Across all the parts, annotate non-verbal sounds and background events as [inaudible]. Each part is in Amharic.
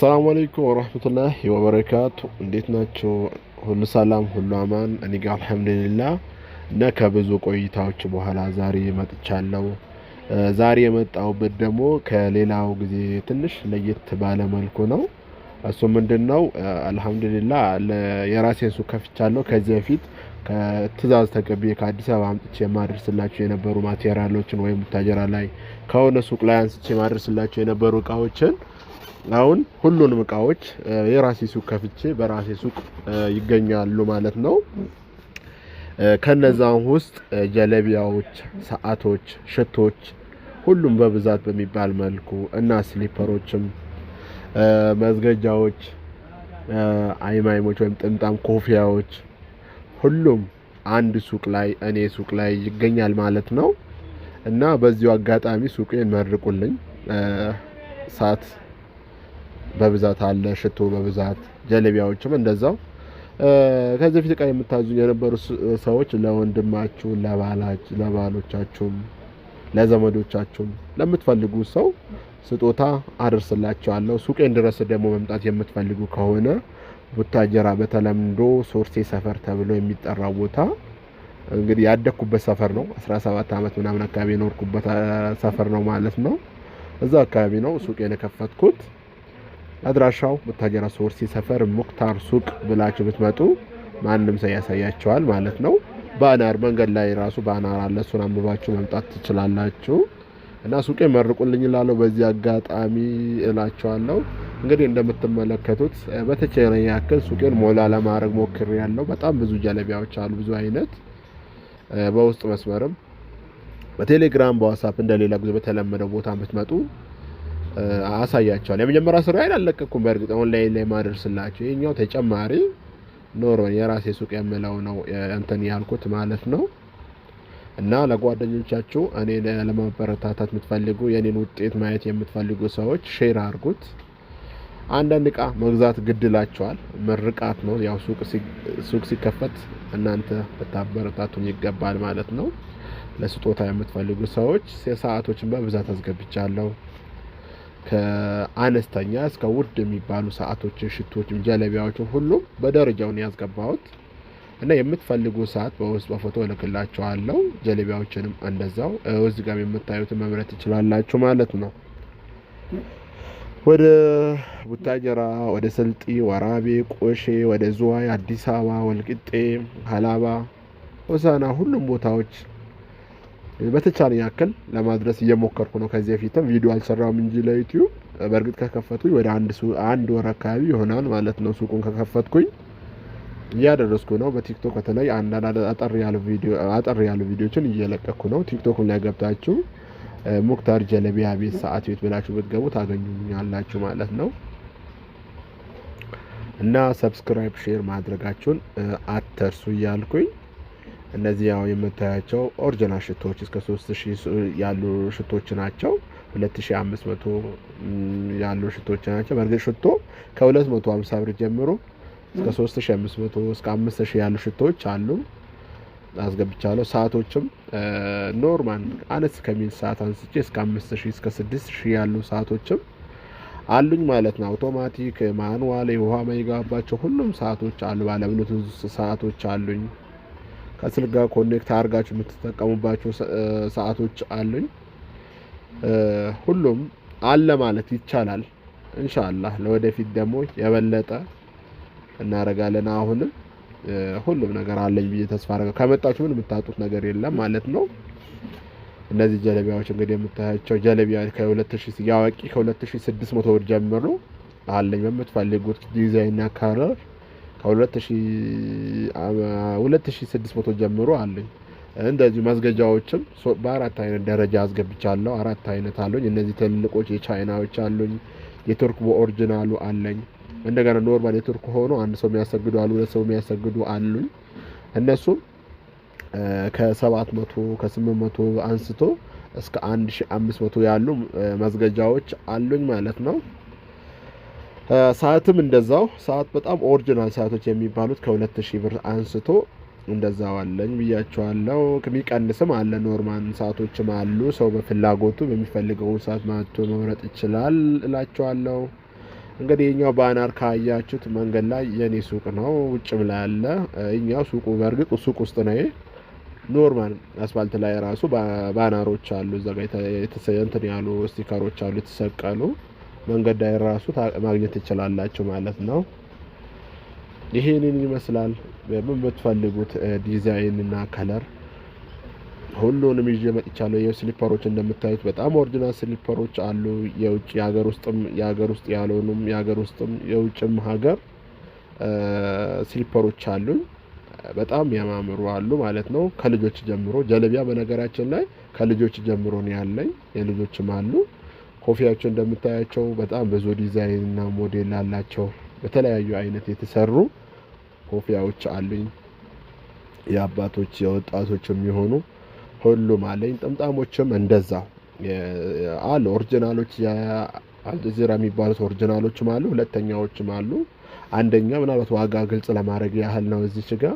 ሰላም አለይኩም ወረህመቱላሂ ወበረካቱ። እንዴት ናቸው? ሁሉ ሰላም፣ ሁሉ አማን። እኔ ጋር አልሐምዱሊላህ እና ከብዙ ቆይታዎች በኋላ ዛሬ መጥቻለሁ። ዛሬ የመጣሁበት ደግሞ ከሌላው ጊዜ ትንሽ ለየት ባለ መልኩ ነው። እሱ ምንድን ነው? አልሐምዱሊላህ የራሴን ሱቅ ከፍቻለሁ። ከዚህ በፊት ከትእዛዝ ተቀብዬ ከአዲስ አበባ አምጥቼ የማደርስላቸው የነበሩ ማቴሪያሎችን ወይም ታጀራ ላይ ከሆነ ሱቅ ላይ አንስቼ የማደርስላቸው የነበሩ እቃዎችን አሁን ሁሉንም እቃዎች የራሴ ሱቅ ከፍቼ በራሴ ሱቅ ይገኛሉ ማለት ነው። ከነዛም ውስጥ ጀለቢያዎች፣ ሰዓቶች፣ ሽቶች ሁሉም በብዛት በሚባል መልኩ እና ስሊፐሮችም፣ መዝገጃዎች፣ አይማይሞች ወይም ጥምጣም ኮፊያዎች ሁሉም አንድ ሱቅ ላይ እኔ ሱቅ ላይ ይገኛል ማለት ነው እና በዚሁ አጋጣሚ ሱቄን መርቁልኝ። ሰዓት በብዛት አለ። ሽቶ በብዛት ጀለቢያዎችም እንደዛው። ከዚህ በፊት ዕቃ የምታዙ የነበሩ ሰዎች ለወንድማችሁ፣ ለባሎቻችሁም፣ ለዘመዶቻችሁም ለምትፈልጉ ሰው ስጦታ አደርስላቸዋለሁ። ሱቄን ድረስ ደግሞ መምጣት የምትፈልጉ ከሆነ ቡታጀራ በተለምዶ ሶርሴ ሰፈር ተብሎ የሚጠራው ቦታ እንግዲህ ያደግኩበት ሰፈር ነው። 17 ዓመት ምናምን አካባቢ የኖርኩበት ሰፈር ነው ማለት ነው። እዛ አካባቢ ነው ሱቄን የከፈትኩት። አድራሻው ቡታጀራ ሶርሲ ሰፈር ሙክታር ሱቅ ብላችሁ ብትመጡ ማንም ሰው ያሳያቸዋል ማለት ነው። ባናር መንገድ ላይ ራሱ ባናር አለ። እሱን አንብባችሁ መምጣት ትችላላችሁ። እና ሱቄ መርቁልኝ ላለው በዚህ አጋጣሚ እላቸዋለሁ። እንግዲህ እንደምትመለከቱት በተቻለ ያክል ሱቄን ሞላ ለማድረግ ሞክር ያለው በጣም ብዙ ጀለቢያዎች አሉ፣ ብዙ አይነት በውስጥ መስመርም በቴሌግራም በዋትሳፕ እንደሌላ ጊዜ በተለመደው ቦታ ብትመጡ አሳያቸዋል። የመጀመሪያ ስራ አላለቀኩም። በእርግጥ ኦንላይን ላይ ማደርስላቸው ይኛው ተጨማሪ ኖሮ የራሴ ሱቅ የምለው ነው እንትን ያልኩት ማለት ነው። እና ለጓደኞቻችሁ እኔ ለማበረታታት የምትፈልጉ የኔን ውጤት ማየት የምትፈልጉ ሰዎች ሼር አድርጉት። አንዳንድ እቃ መግዛት ግድላቸዋል። ምርቃት ነው ያው ሱቅ ሲከፈት እናንተ ልታበረታቱን ይገባል ማለት ነው። ለስጦታ የምትፈልጉ ሰዎች ሰዓቶችን በብዛት አስገብቻለሁ። ከአነስተኛ እስከ ውድ የሚባሉ ሰዓቶችን፣ ሽቶችን፣ ጀለቢያዎችን ሁሉም በደረጃውን ያስገባሁት እና የምትፈልጉ ሰዓት በውስጥ በፎቶ እልክላችኋለሁ። ጀለቢያዎችንም እንደዛው እዚህ ጋር የምታዩትን መምረት ትችላላችሁ ማለት ነው። ወደ ቡታጀራ፣ ወደ ስልጢ፣ ወራቤ፣ ቆሼ፣ ወደ ዝዋይ፣ አዲስ አበባ፣ ወልቂጤ፣ ሀላባ፣ ሆሳና ሁሉም ቦታዎች በተቻለ ያክል ለማድረስ እየሞከርኩ ነው። ከዚህ በፊትም ቪዲዮ አልሰራውም እንጂ ለዩቲዩብ በእርግጥ ከከፈቱኝ ወደ አንድ ወር አካባቢ ይሆናል ማለት ነው። ሱቁን ከከፈትኩኝ እያደረስኩ ነው። በቲክቶክ በተለይ አንዳንድ አጠር ያሉ ቪዲዮችን እየለቀኩ ነው። ቲክቶክም ላይ ገብታችሁ ሙክታር ጀለቢያ ቤት ሰዓት ቤት ብላችሁ ብትገቡ ታገኙኛላችሁ ማለት ነው። እና ሰብስክራይብ ሼር ማድረጋችሁን አትርሱ እያልኩኝ እነዚህ ያው የምታያቸው ኦሪጂናል ሽቶዎች እስከ 3000 ያሉ ሽቶች ናቸው። 2500 ያሉ ሽቶች ናቸው። በእርግጥ ሽቶ ከ250 ብር ጀምሮ እስከ 3500 እስከ 5000 ያሉ ሽቶዎች አሉ አስገብቻለሁ። ሰዓቶችም ኖርማል አነስ ከሚል ሰዓት አንስቼ እስከ 5000 እስከ 6000 ያሉ ሰዓቶችም አሉኝ ማለት ነው። አውቶማቲክ፣ ማኑዋል፣ የውሃ ማይጋባቸው ሁሉም ሰዓቶች አሉ። ባለብሉቱዝ ሰዓቶች አሉኝ። ከስልክ ጋር ኮኔክት አድርጋችሁ የምትጠቀሙባቸው ሰዓቶች አሉኝ። ሁሉም አለ ማለት ይቻላል። እንሻላህ ለወደፊት ደግሞ የበለጠ እናደርጋለን። አሁንም ሁሉም ነገር አለኝ ብዬ ተስፋ አደርጋለሁ። ከመጣችሁ ምን የምታጡት ነገር የለም ማለት ነው። እነዚህ ጀለቢያዎች እንግዲህ የምታያቸው ጀለቢያ ከ2000 ያዋቂ ከ2600 ብር ጀምሮ አለኝ በምትፈልጉት ዲዛይንና ከለር ሁለት ሺ ስድስት መቶ ጀምሮ አለኝ። እንደዚሁ ማስገጃዎችም በአራት አይነት ደረጃ አስገብቻለሁ። አራት አይነት አሉኝ። እነዚህ ትልልቆች የቻይናዎች አሉኝ። የቱርክ በኦሪጂናሉ አለኝ። እንደገና ኖርማል የቱርክ ሆኖ አንድ ሰው የሚያሰግዱ አሉ፣ ሁለት ሰው የሚያሰግዱ አሉኝ። እነሱም ከሰባት መቶ ከስምንት መቶ አንስቶ እስከ አንድ ሺ አምስት መቶ ያሉ ማስገጃዎች አሉኝ ማለት ነው። ሰዓትም እንደዛው ሰዓት በጣም ኦሪጂናል ሰዓቶች የሚባሉት ከ2000 ብር አንስቶ እንደዛው አለኝ ብያቸዋለው። የሚቀንስም አለ ኖርማን ሰዓቶችም አሉ። ሰው በፍላጎቱ በሚፈልገውን ሰዓት ማቶ መምረጥ ይችላል እላቸዋለው እንግዲህ የኛው ባናር ካያችሁት መንገድ ላይ የኔ ሱቅ ነው፣ ውጭም ላይ አለ። እኛው ሱቁ በእርግጥ ሱቅ ውስጥ ነው። ኖርማል አስፋልት ላይ ራሱ ባናሮች አሉ፣ እዛ ጋ ያሉ ስቲከሮች አሉ የተሰቀሉ መንገድ ላይ ራሱ ማግኘት ትችላላችሁ ማለት ነው። ይሄንን ይመስላል። በምትፈልጉት ዲዛይን እና ከለር ሁሉንም ይዤ መጥቻለሁ። ይኸው ስሊፐሮች እንደምታዩት በጣም ኦሪጅናል ስሊፐሮች አሉ። የውጭ የሀገር ውስጥም የሀገር ውስጥ ያልሆኑም የሀገር ውስጥም የውጭም ሀገር ስሊፐሮች አሉኝ። በጣም ያማምሩ አሉ ማለት ነው። ከልጆች ጀምሮ ጀለቢያ በነገራችን ላይ ከልጆች ጀምሮ ነው ያለኝ። የልጆችም አሉ ኮፊያቸው እንደምታያቸው በጣም ብዙ ዲዛይን እና ሞዴል አላቸው። በተለያዩ አይነት የተሰሩ ኮፊያዎች አሉኝ። የአባቶች የወጣቶች የሚሆኑ ሁሉም አለኝ። ጥምጣሞችም እንደዛ አሉ። ኦሪጂናሎች አልጀዚራ የሚባሉት ኦሪጂናሎችም አሉ፣ ሁለተኛዎችም አሉ። አንደኛ ምናልባት ዋጋ ግልጽ ለማድረግ ያህል ነው። እዚች ጋ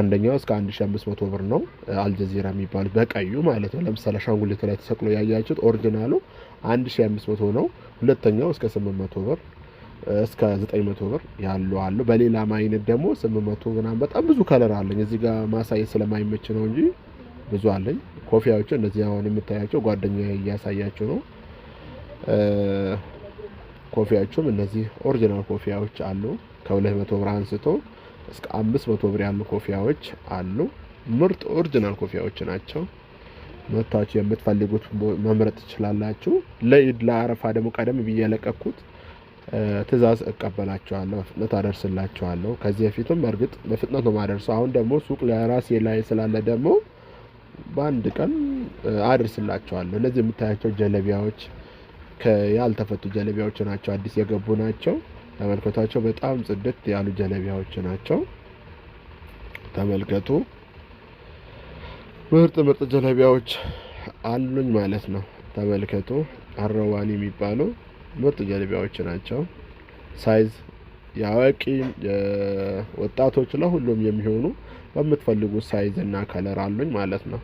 አንደኛው እስከ 1500 ብር ነው። አልጀዚራ የሚባሉት በቀዩ ማለት ነው። ለምሳሌ አሻንጉሊት ላይ ተሰቅሎ ያያችሁት ኦሪጂናሉ 1500 ነው። ሁለተኛው እስከ 800 ብር እስከ 900 ብር ያሉ አሉ። በሌላ አይነት ደግሞ 800 ምናምን በጣም ብዙ ከለር አለኝ። እዚህ ጋር ማሳየት ስለማይመች ነው እንጂ ብዙ አለኝ። ኮፊያዎቹ እነዚህ አሁን የምታያቸው ጓደኛ እያሳያቸው ነው። ኮፊያዎቹም እነዚህ ኦሪጂናል ኮፊያዎች አሉ። ከ200 ብር አንስቶ እስከ 500 ብር ያሉ ኮፊያዎች አሉ። ምርጥ ኦሪጂናል ኮፊያዎች ናቸው። መታችሁ የምትፈልጉት መምረጥ ትችላላችሁ። ለኢድ ለአረፋ ደግሞ ቀደም ብዬ የለቀኩት ትእዛዝ እቀበላችኋለሁ፣ በፍጥነት አደርስላችኋለሁ። ከዚህ በፊትም እርግጥ በፍጥነት ነው ማደርሰው። አሁን ደግሞ ሱቅ ለራሴ ላይ ስላለ ደግሞ በአንድ ቀን አደርስላችኋለሁ። እነዚህ የምታያቸው ጀለቢያዎች ያልተፈቱ ጀለቢያዎች ናቸው፣ አዲስ የገቡ ናቸው። ተመልከቷቸው። በጣም ጽድት ያሉ ጀለቢያዎች ናቸው። ተመልከቱ። ምርጥ ምርጥ ጀለቢያዎች አሉኝ ማለት ነው። ተመልከቱ አረዋን የሚባሉ ምርጥ ጀለቢያዎች ናቸው። ሳይዝ የአዋቂ ወጣቶች ለሁሉም የሚሆኑ በምትፈልጉት ሳይዝ እና ከለር አሉኝ ማለት ነው።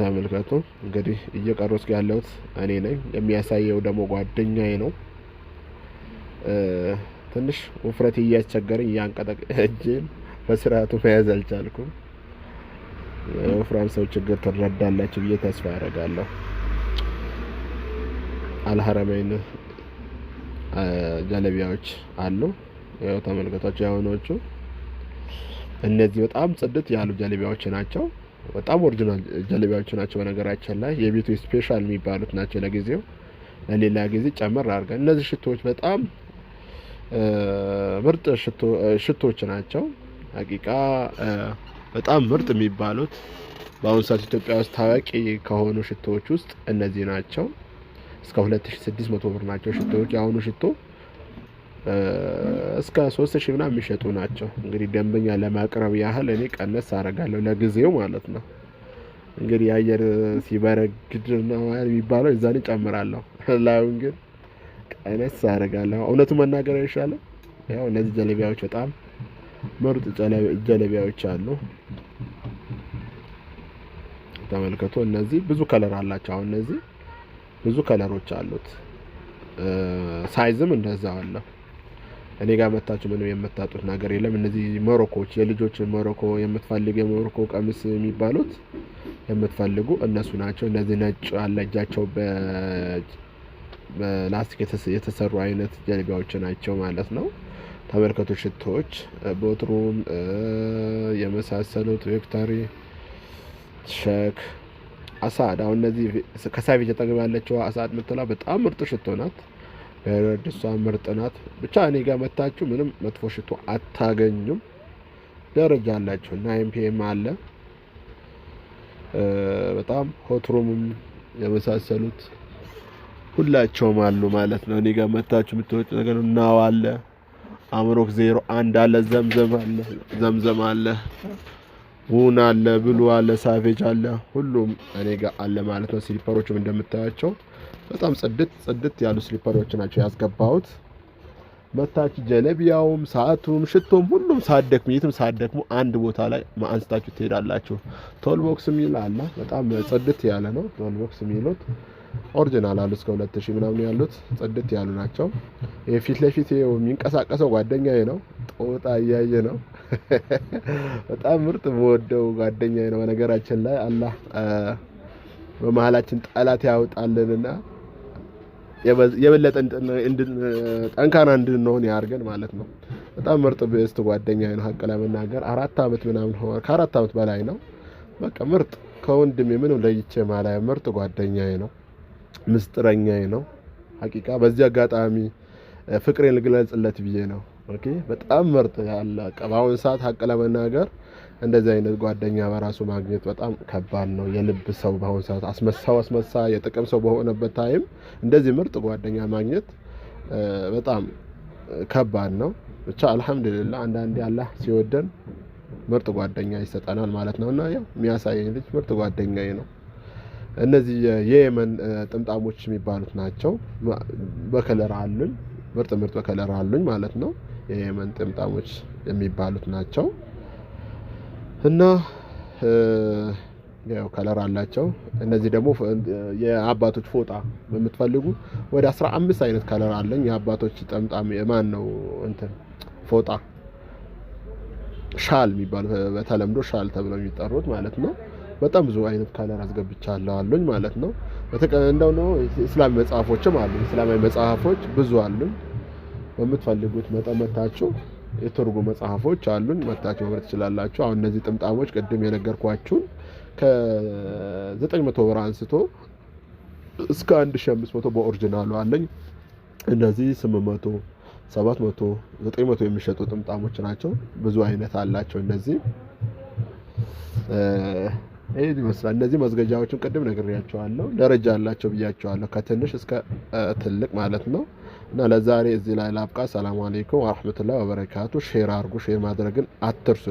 ተመልከቱ እንግዲህ እየቀረስኩ ያለሁት እኔ ነኝ። የሚያሳየው ደግሞ ጓደኛዬ ነው። ትንሽ ውፍረት እያስቸገረኝ እያንቀጠቀ እጄን በስርዓቱ መያዝ አልቻልኩም። የወፍራም ሰው ችግር ትረዳላችሁ ብዬ ተስፋ አደርጋለሁ። አልሀረመይን ጀለቢያዎች አሉ። ያው ተመልከቷቸው ያሆኖቹ እነዚህ በጣም ጽድት ያሉ ጀለቢያዎች ናቸው። በጣም ኦሪጂናል ጀለቢያዎች ናቸው። በነገራችን ላይ የቤቱ ስፔሻል የሚባሉት ናቸው። ለጊዜው ለሌላ ጊዜ ጨምር አድርገን እነዚህ ሽቶዎች በጣም ምርጥ ሽቶዎች ናቸው። ሀቂቃ በጣም ምርጥ የሚባሉት በአሁኑ ሰዓት ኢትዮጵያ ውስጥ ታዋቂ ከሆኑ ሽቶዎች ውስጥ እነዚህ ናቸው። እስከ 2600 ብር ናቸው ሽቶዎች። የአሁኑ ሽቶ እስከ 3000 ምናምን የሚሸጡ ናቸው። እንግዲህ ደንበኛ ለማቅረብ ያህል እኔ ቀነስ አደርጋለሁ ለጊዜው ማለት ነው። እንግዲህ የአየር ሲበረግድ ነው የሚባለው የዛኔ ጨምራለሁ። ላዩን ግን ቀነስ አደርጋለሁ። እውነቱ መናገር ይሻለ። ያው እነዚህ ጀለቢያዎች በጣም ምርጥ ጀለቢያዎች አሉ። ተመልከቱ። እነዚህ ብዙ ከለር አላቸው። አሁን እነዚህ ብዙ ከለሮች አሉት። ሳይዝም እንደዛ አለ። እኔ ጋር መታችሁ ምንም የምታጡት ነገር የለም። እነዚህ ሞሮኮዎች የልጆች ሞሮኮ የምትፈልጉ የሞሮኮ ቀሚስ የሚባሉት የምትፈልጉ እነሱ ናቸው። እነዚህ ነጭ አለ እጃቸው በላስቲክ የተሰሩ አይነት ጀልቢያዎች ናቸው ማለት ነው። ተመልከቱ። ሽቶዎች ቦትሩም የመሳሰሉት ቪክቶሪ ሸክ አሳድ አሁን እነዚህ ከሳቪጅ አጠገብ ያለችው አሳድ የምትለው በጣም ምርጥ ሽቶ ናት። ሄሮድ እሷ ምርጥ ናት። ብቻ እኔ ጋር መታችሁ ምንም መጥፎ ሽቶ አታገኙም። ደረጃ አላችሁ እና ኤምፒኤም አለ በጣም ሆትሩምም የመሳሰሉት ሁላቸውም አሉ ማለት ነው። እኔ ጋር መታችሁ የምትወጭ ነገር ናዋ አለ አምሮክ ዜሮ አንድ አለ ዘምዘም አለ ውን አለ ብሉ አለ ሳቬጅ አለ ሁሉም እኔ ጋር አለ ማለት ነው። ስሊፐሮችም እንደምታያቸው በጣም ጽድት ጽድት ያሉ ስሊፐሮች ናቸው ያስገባሁት። መታች ጀለቢያውም ሰዓቱም ሽቶም ሁሉም ሳደክሙ የትም ሳደክሙ አንድ ቦታ ላይ አንስታችሁ ትሄዳላችሁ። ቶልቦክስ የሚል አለ። በጣም ጽድት ያለ ነው ቶልቦክስ የሚሉት ኦሪጂናል አሉ እስከ ሁለት ምናምን ያሉት ጽድት ያሉ ናቸው። ይህ ፊት ለፊት የሚንቀሳቀሰው ጓደኛዬ ነው። ጦጣ እያየ ነው። [laughs] በጣም ምርጥ በወደው ጓደኛዬ ነው። በነገራችን ላይ አላህ በመሀላችን ጠላት ያውጣልንና የበለጠ ጠንካራ እንድንሆን ያርገን ማለት ነው። በጣም ምርጥ ብስት ጓደኛ ነው። ሀቅ ለመናገር አራት አመት ምናምን ከአራት አመት በላይ ነው። በቃ ምርጥ ከወንድሜ ምንም ለይቼ ማላየ ምርጥ ጓደኛዬ ነው። ምስጥረኛ ነው። ሀቂቃ በዚህ አጋጣሚ ፍቅሬን ልግለጽለት ብዬ ነው። ኦኬ በጣም ምርጥ ያለ በአሁን ሰዓት ሀቅ ለመናገር እንደዚህ አይነት ጓደኛ በራሱ ማግኘት በጣም ከባድ ነው። የልብ ሰው በአሁን ሰዓት አስመሳው አስመሳ የጥቅም ሰው በሆነበት ታይም እንደዚህ ምርጥ ጓደኛ ማግኘት በጣም ከባድ ነው። ብቻ አልሐምዱሊላ አንዳንዴ አላህ ሲወደን ምርጥ ጓደኛ ይሰጠናል ማለት ነው እና ያው የሚያሳየኝ ልጅ ምርጥ ጓደኛዬ ነው። እነዚህ የየመን ጥምጣሞች የሚባሉት ናቸው። በከለር አሉኝ ምርጥ ምርጥ በከለር አሉኝ ማለት ነው። የየመን ጥምጣሞች የሚባሉት ናቸው እና ያው ከለር አላቸው። እነዚህ ደግሞ የአባቶች ፎጣ በምትፈልጉ ወደ 15 አይነት ከለር አለኝ። የአባቶች ጠምጣም የማን ነው እንትን ፎጣ ሻል የሚባሉ በተለምዶ ሻል ተብለው የሚጠሩት ማለት ነው። በጣም ብዙ አይነት ካለር አስገብቻለሁ አሉኝ ማለት ነው። እንደው ነው እስላማዊ መጽሐፎችም አሉ። እስላማዊ መጽሐፎች ብዙ አሉኝ። በምትፈልጉት መጠን መታችሁ የትርጉም መጽሐፎች አሉን መታችሁ መብረት ትችላላችሁ። አሁን እነዚህ ጥምጣሞች ቅድም የነገርኳችሁን ከ900 ብር አንስቶ እስከ 1500 በኦሪጂናሉ አለኝ። እነዚህ 800፣ 700፣ 900 የሚሸጡ ጥምጣሞች ናቸው። ብዙ አይነት አላቸው እነዚህ ይህ ይመስላል። እነዚህ መዝገጃዎችን ቅድም ነግሬያቸዋለሁ። ደረጃ አላቸው ብያቸዋለሁ፣ ከትንሽ እስከ ትልቅ ማለት ነው። እና ለዛሬ እዚህ ላይ ላብቃ። ሰላሙ አሌይኩም ወረሕመቱላሂ ወበረካቱ። ሼር አርጉ፣ ሼር ማድረግን አትርሱ።